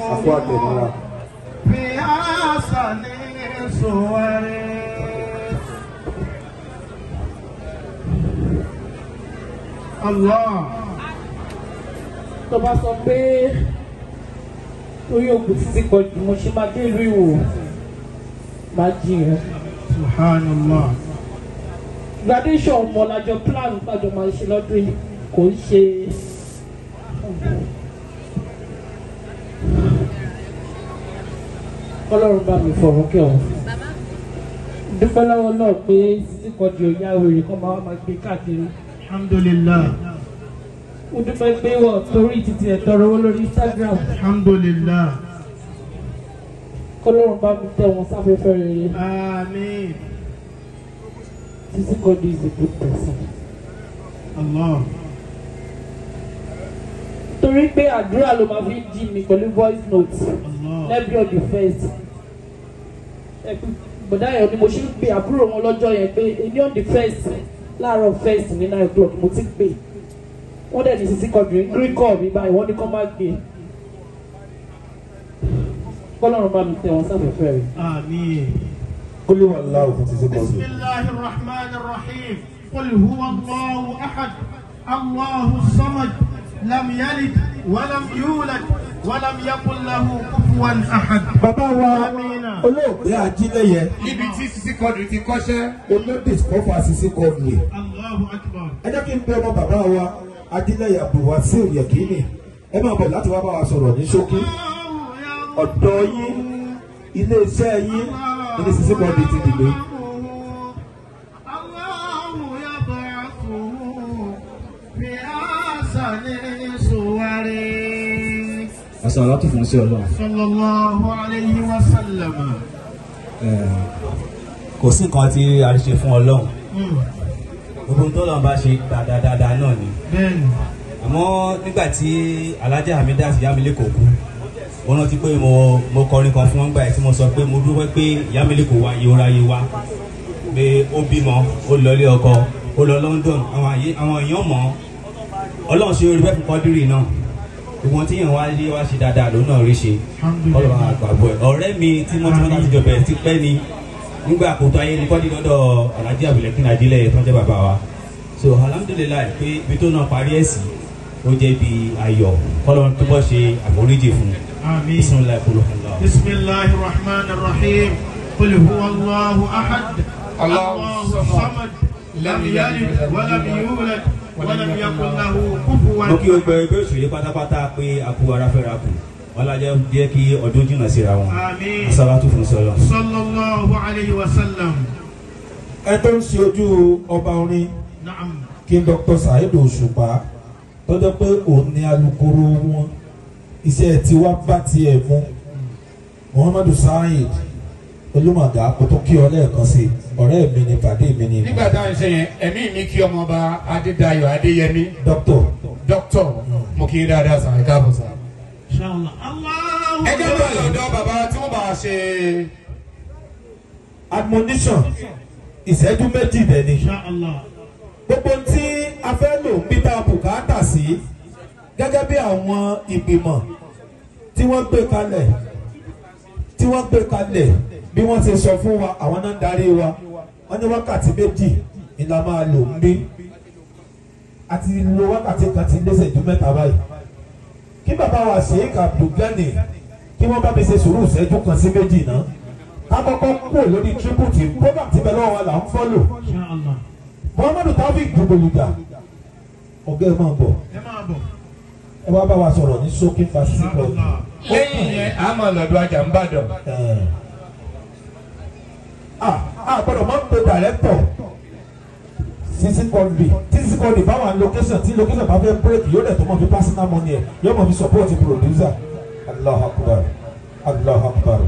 afọ Allah. Tó bá sọ pé orí òkú títí kọjú mo ṣe máa dé ìlú ìwò máa jiyàn. Subhanallah. Graduation ọmọ lájọ plan gbàjọ máa ṣe lọ́dún yìí kò ń ṣe. kọ́lọ́run bá mi fọ̀rọ̀ kẹ́ ọ. dúpẹ́ lọ́wọ́ náà pé Sisi Quadri ò yá wèrè kọ́ máa máa gbé káàkiri. alhamdulillah. mo dúpẹ́ pé wọ́n torí títí ẹ̀ tọrọ owó lórí Instagram. alhamdulillah. kọ́lọ́run bá mi tẹ̀ wọ́n sáfẹ́fẹ́ rere. àmín. Sisi Quadri is a good person. Allah torí pé àdúrà ló máa fi jí mi pẹ̀lú voice note lẹ́bí ọ̀dì first gbọ̀dá yẹn ni mo ṣe ń pè àbúrò wọn lọ́jọ́ yẹn pé ní ọ̀dì first láàárọ̀ first ní nine o'clock mo ti pè wọ́n dẹ̀ ní sisi kọ̀dùn green call mi báyìí wọ́n ní kọ́ máa gbé kọ́lọ́run bá mi tẹ wọn sábẹ̀ fẹ́ rẹ̀. àmín. قل هو الله في بسم الله الرحمن الرحيم قل هو الله احد الله الصمد لم يلد ولم يولد wàlámù yakunlahu kufuwan ahad. bàbá wa olóògbé ajílẹ̀yẹ. níbi tí sisi kọdù ti kọ́ṣẹ́. olóògbé kọ́fà sisi kọdù yìí. ẹ jẹ́ kí n bẹ ọmọ bàbá wa ajílẹ̀yẹ abdulwasir yẹkìnì ẹ máa bọ̀ láti wá bá wa sọ̀rọ̀ ní ṣókí ọ̀dọ́ yín iléeṣẹ́ yín ilé sisi kọdù ti dìde. Allahu yab'athuhu fi ahsani asalatu fún sí ọlọ́run. sallallahu alayhi wa sallam. kò sí nǹkan tí a ṣe fún ọlọ́run hmm. gbogbo tó lọ́n bá ṣe dáadáa náà ni àmọ́ nígbà tí alájà hamida Ìyámilé kò kú mo rántí pé mo mo kọrin kan fún wọn gbà tí mo sọ pé mo dúpẹ́ pé Ìyámilé kò wá yóò ráyè wá pé ó bímọ ó lọ ilé ọkọ ó lọ London àwọn èèyàn mọ̀ ọlọ́run ṣe orí bẹ́ẹ̀ fún kọ́dírì náà ìwọ̀n tí yẹn wá rí wá ṣe dáadáa lòun náà rí ṣe ọlọ́run àgbàgbọ́ ẹ̀ ọ̀rẹ́ mi tí mo ti mọ́ láti jọbẹ̀ ti pẹ́ ni nígbà àkótó ayé ni kọ́dí lọ́dọ̀ ọ̀làjì àbùlẹ̀kín àdílẹ̀ tó ń jẹ́ bàbá wa so alhamdulilayi pé ibi tó náà parí ẹ̀ ó jẹ́ bí ayọ̀ kọ́lọ́run tó bọ́ ṣe àforíjì fún bisimilayi kúló bisimilayi rahman rahim qul huwa ahad allahu samad lam yalid wa mo kí o jẹ́ kí ọdún jìnnà síra wọn asalatu fún sọlọ. sallallahu alayhi wa sallam. ẹ tó ń ṣe ojú ọba orin kí Dr. Saheed Òṣùpá tọ́jọ́ pé òun ni alukoro wọn iṣẹ́ tiwa bá tiẹ̀ mú Muhammadu Saheed olùmọ̀dá mo tún kí ọ lẹ́ẹ̀kan sí ọ̀rẹ́ mi ni pàdé mi ni. nígbà táwọn ṣe yẹn ẹ̀mí mi kí ọmọọba adédayọ̀ adéyẹmí. dókítọ̀ dókítọ̀ hmm. mo kí yín dáadáa sàn ẹ̀ka àbọ̀ ẹ jẹ́ bá lọ́dọ̀ bàbá tí wọ́n bá ṣe. admonition ìṣẹ́jú méjì dẹ̀ ni gbogbo tí a fẹ́ lò ń bí tá a bùkátà sí gẹ́gẹ́ bí àwọn ìgbìmọ̀ tí wọ́n gbé kalẹ̀ tí wọ́n gbé kalẹ̀ bí wọ́n ti sọ fún wa àwọn náà ń darí wa wọ́n ní wákàtí méjì ni la máa lò ń bí àti lo wákàtí kan ti lẹ́sẹ̀ ju mẹ́ta báyìí kí bàbá wa Sheikh Abdulgani kí wọ́n bá mi ṣe sùúrù ìṣẹ́jú kan sí méjì náà ká kọ́kọ́ kúrò lórí tribute program ti bẹ̀ lọ́wọ́ wa là ń fọ́lò Muhammadu Taofik dùgbòlùdà ọ̀gá ẹ̀ máa bọ̀ ẹ wá bá wa sọ̀rọ̀ ní ṣókí fásitì bọ́ọ̀lù. lẹ́yìn yẹn a máa lọ́dọ̀ ajá ń bàdàn. Ah, àgbọ̀dọ̀ ah, máa ń pe director sisi kọ́ndì sisi kọ́ndì báwọn location tí location bá fẹ́ break yóò dẹ̀ tó mọ̀ fi personal money ẹ̀ yóò mọ̀ fi support producer allah akbar allah akbar.